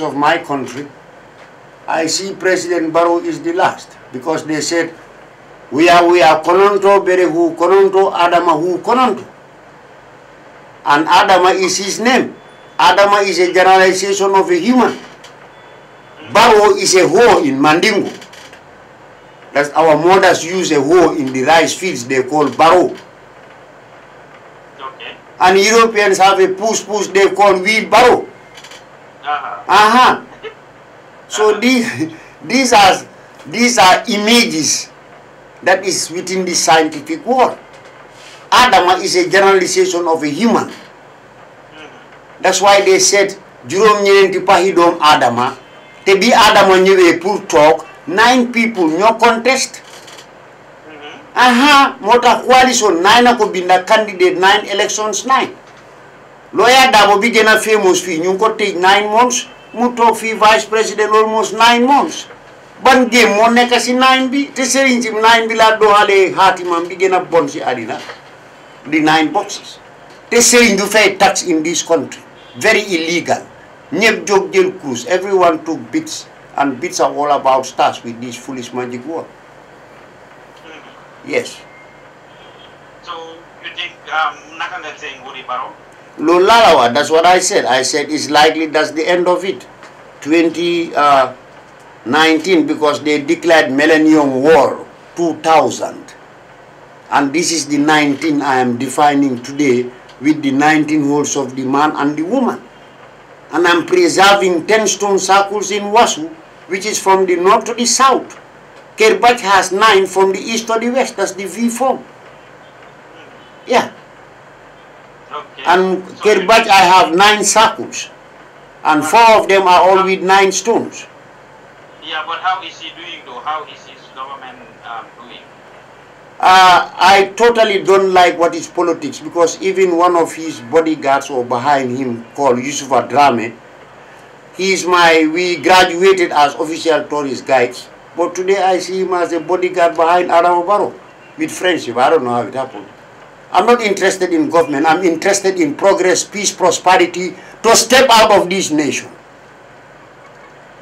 of my country, I see President Barrow is the last because they said, we are, we are Kononto, Berehu, Kononto, Adamahu, Kononto. And Adama is his name. Adama is a generalization of a human. Barrow is a hoe in Mandingo. That's our mothers use a hoe in the rice fields they call Barrow and Europeans have a push-push they call wheelbarrow. Uh-huh. Uh-huh. So these, these, are, these are images that is within the scientific world. Adam is a generalization of a human. Mm-hmm. That's why they said, Jerome Nyerenti Pahidom Adama, Tebi you Nyewe Poor Talk, nine people, no contest aha mota coalition nine ako binda candidate nine elections nine lawyer dabo bi gëna famous fi ñu ko tej nine months mu tok fi vice president almost nine months ban game mo nekk si nine bi te serigne ci nine bi la doxale hatimam bi gëna bon ci adina di nine boxes te serigne du fay tax in this country very illegal ñep jog jël cruise everyone took bits and bits are all about stars with this foolish magic word Yes. So you think um, saying Uri Baro? Lulalawa, that's what I said. I said it's likely that's the end of it. 2019 uh, because they declared Millennium War 2000. And this is the 19 I am defining today with the 19 holes of the man and the woman. And I'm preserving 10 stone circles in Wasu, which is from the north to the south. Kerbach has 9 from the east to the west. That's the V form. Yeah. Okay. And so I have 9 circles. And 4 of them are all with 9 stones. Yeah, but how is he doing though? How is his government um, doing? Uh, I totally don't like what is politics because even one of his bodyguards or behind him called Yusuf Adrame, he is my, we graduated as official tourist guides but today I see him as a bodyguard behind Adam Barrow with friendship. I don't know how it happened. I'm not interested in government. I'm interested in progress, peace, prosperity, to step out of this nation.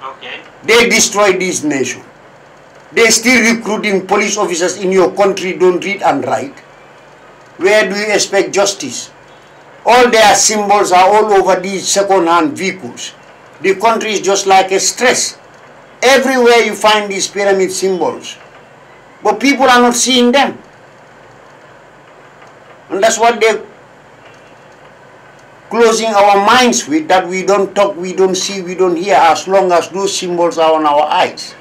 Okay. They destroy this nation. They still recruiting police officers in your country don't read and write. Where do you expect justice? All their symbols are all over these second-hand vehicles. The country is just like a stress. Everywhere you find these pyramid symbols. But people are not seeing them. And that's what they're closing our minds with, that we don't talk, we don't see, we don't hear, as long as those symbols are on our eyes.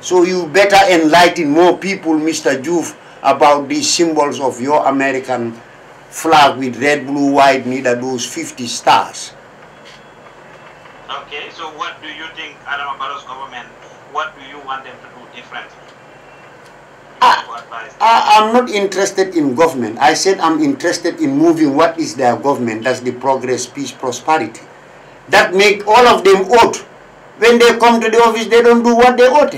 So you better enlighten more people, Mr. Juve, about these symbols of your American flag with red, blue, white, neither those 50 stars. Okay, so what do you think, Adam Barrow's government, what do you want them to do differently? Uh, I, I, am not interested in government. I said I'm interested in moving what is their government. That's the progress, peace, prosperity. That make all of them oath. When they come to the office, they don't do what they ought.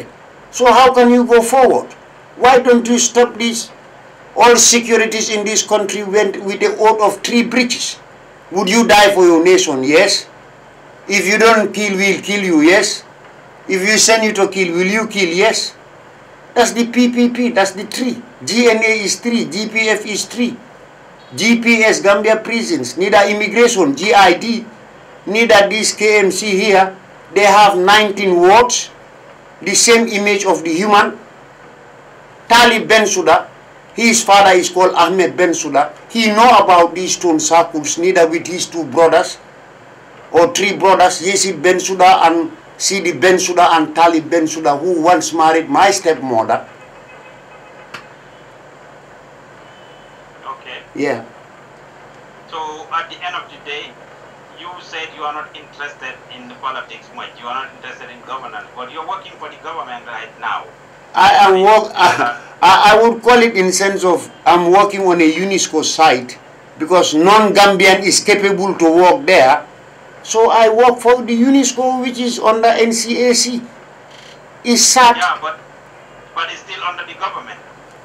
So how can you go forward? Why don't you stop this? All securities in this country went with the oath of three breaches. Would you die for your nation? Yes. If you don't kill, we'll kill you, yes. If you send you to kill, will you kill, yes. That's the PPP, that's the three. GNA is three, GPF is three. GPS, Gambia prisons, neither immigration, GID, neither this KMC here. They have 19 words, the same image of the human. Talib Ben Suda, his father is called Ahmed Ben Suda. He know about these stone circles, neither with his two brothers or oh, three brothers, Yesi Ben Suda and Sidi Ben Suda and Tali Ben Suda, who once married my stepmother. Okay. Yeah. So at the end of the day, you said you are not interested in politics much. You are not interested in governance, but you're working for the government right now. I am work. Uh-huh. I, I would call it in sense of I'm working on a UNESCO site because non-Gambian is capable to work there so I work for the UNESCO, which is under NCAC. Is SAT. Yeah, but, but it's still under the government.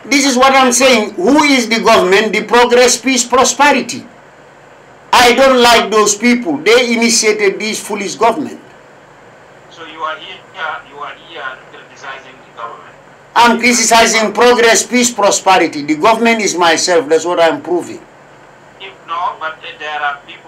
This is what I'm saying. Who is the government? The progress, peace, prosperity. I don't like those people. They initiated this foolish government. So you are here, you are here criticizing the government. I'm criticizing progress, peace, prosperity. The government is myself. That's what I'm proving. If no, but there are people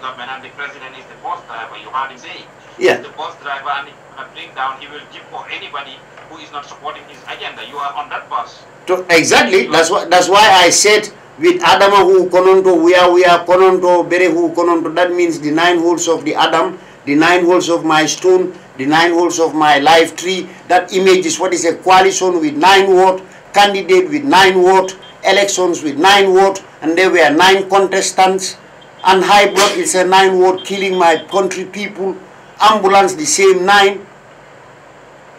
government and the president is the bus driver, you heard him say. Yeah. the bus driver and he will bring down, he will give for anybody who is not supporting his agenda. You are on that bus. To, exactly. That's why, that's why I said with Adam who kononto, we are, we are kononto, bere who kononto. That means the nine holes of the Adam, the nine holes of my stone, the nine holes of my life tree. That image is what is a coalition with nine vote, candidate with nine vote, elections with nine vote, and there were nine contestants and high blood is a nine word killing my country people ambulance the same nine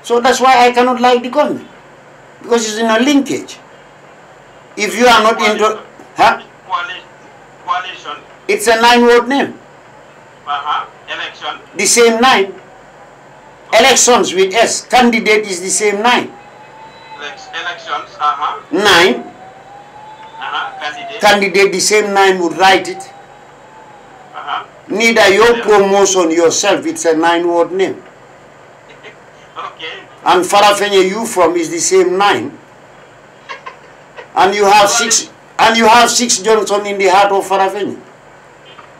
so that's why i cannot like the government because it's in a linkage if you are not into huh? coalition it's a nine word name uh-huh. election the same nine elections with s candidate is the same nine elections uh-huh. nine uh-huh. Candidate. candidate the same nine would write it Neither your promotion yourself, it's a nine-word name. okay. And Farafenye from is the same nine. And you have six and you have six Johnson in the heart of Farafenye.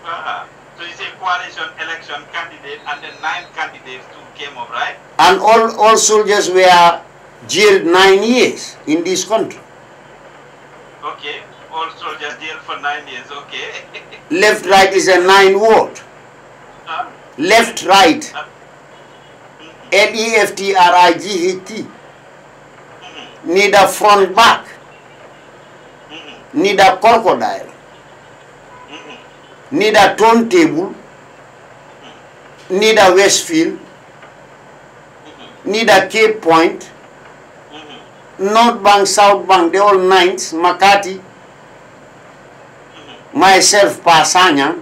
Ah, so it's a coalition election candidate and the nine candidates who came up, right? And all, all soldiers were jailed nine years in this country. Okay all soldiers jail for nine years, okay. Left right is a nine word. Huh? Left right. Huh? L E F T R I G H T. Mm-hmm. Need a front back. Mm-hmm. Need a crocodile. Mm-hmm. Need a turntable. Need a Westfield. Need a Cape Point. North Bank, South Bank, they all nines, Makati myself Pasanya,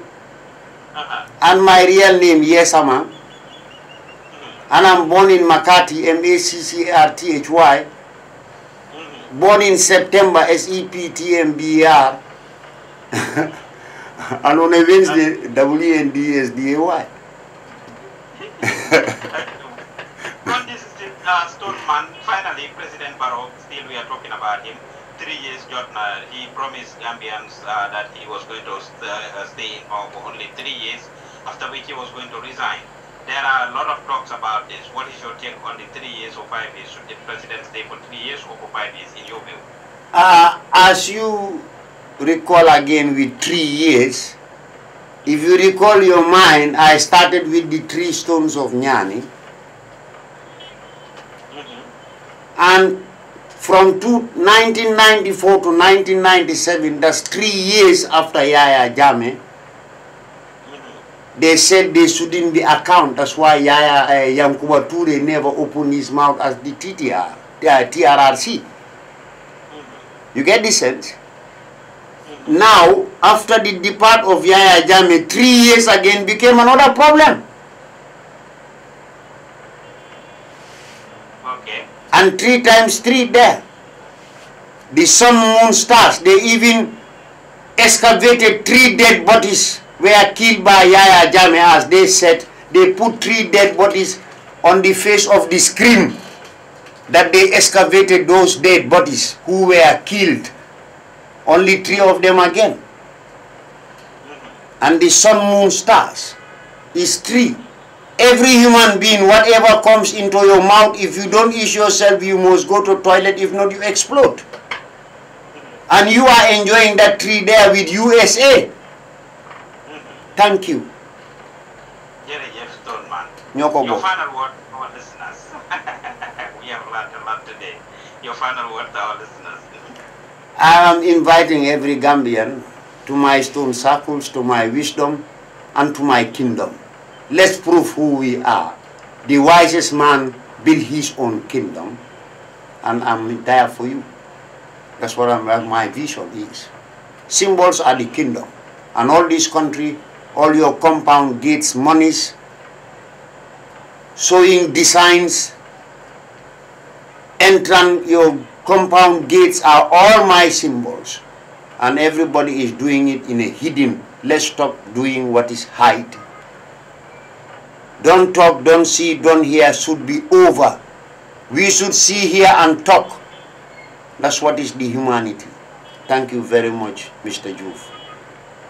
uh-huh. and my real name Yesama, mm-hmm. and I'm born in Makati, M-A-C-C-R-T-H-Y, mm-hmm. born in September, S-E-P-T-M-B-R, and on a Wednesday, uh-huh. W-N-D-S-D-A-Y. well, this is the uh, Stoneman, finally, President Barrow, still we are talking about him three years Jotner, he promised Gambians uh, that he was going to st uh, stay in power for only three years, after which he was going to resign. There are a lot of talks about this. What is your take on the three years or five years? Should the president stay for three years or for five years, in your view? Uh, as you recall again with three years, if you recall your mind, I started with the three stones of Nyani. Mm -hmm. And from 1994 to 1997, that's three years after Yaya Jame, mm-hmm. they said they shouldn't be account. That's why Yaya uh, eh, Yankuba Ture never opened his mouth as the TTR, the uh, TRRC. Mm-hmm. You get the sense? Mm-hmm. Now, after the depart of Yaya Jame, three years again became another problem. and three times three there. The sun, moon, stars, they even excavated three dead bodies were killed by Yaya Jame as they said. They put three dead bodies on the face of the screen that they excavated those dead bodies who were killed. Only three of them again. And the sun, moon, stars is three every human being, whatever comes into your mouth, if you don't eat yourself, you must go to toilet. If not, you explode. And you are enjoying that tree there with USA. Thank you. Your final word for our listeners. we have learned a lot today. Your final word to our listeners. I am inviting every Gambian to my stone circles, to my wisdom, and to my kingdom. Let's prove who we are. The wisest man built his own kingdom, and I'm there for you. That's what, my vision is. Symbols are the kingdom. And all this country, all your compound gates, monies, sewing designs, entrance, your compound gates are all my symbols. And everybody is doing it in a hidden. Let's stop doing what is hide don't talk, don't see, don't hear should be over. We should see, hear, and talk. That's what is the humanity. Thank you very much, Mr. Juve.